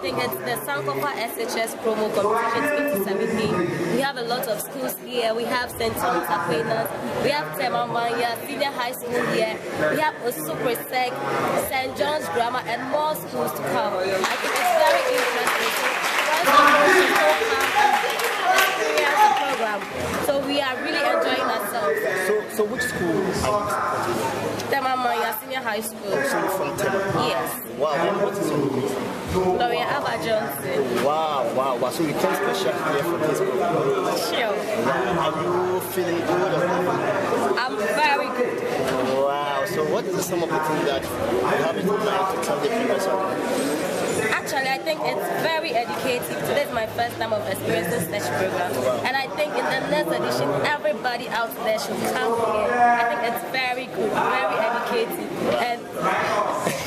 think it's the Sankofa SHS promo competition 2017. We have a lot of schools here. We have St. Thomas Aquinas. We have Temamanya, Senior High School here. We have Sec, St. John's Grammar, and more schools to come. I think it's very interesting. So we are really enjoying ourselves. So, so which school you Maya Senior High School. So from Tema? Yes. Wow, what is your name? Gloria Abba Johnson. Wow, wow, wow. So you came special here for this program? Sure. Wow. Are you feeling good or I'm very good. Wow. So what is some of the things that you have in mind to tell the viewers about? Actually, I think it's very educative. Today is my first time of experiencing such program. And I think in the next edition, everybody out there should come here. I think it's very good, very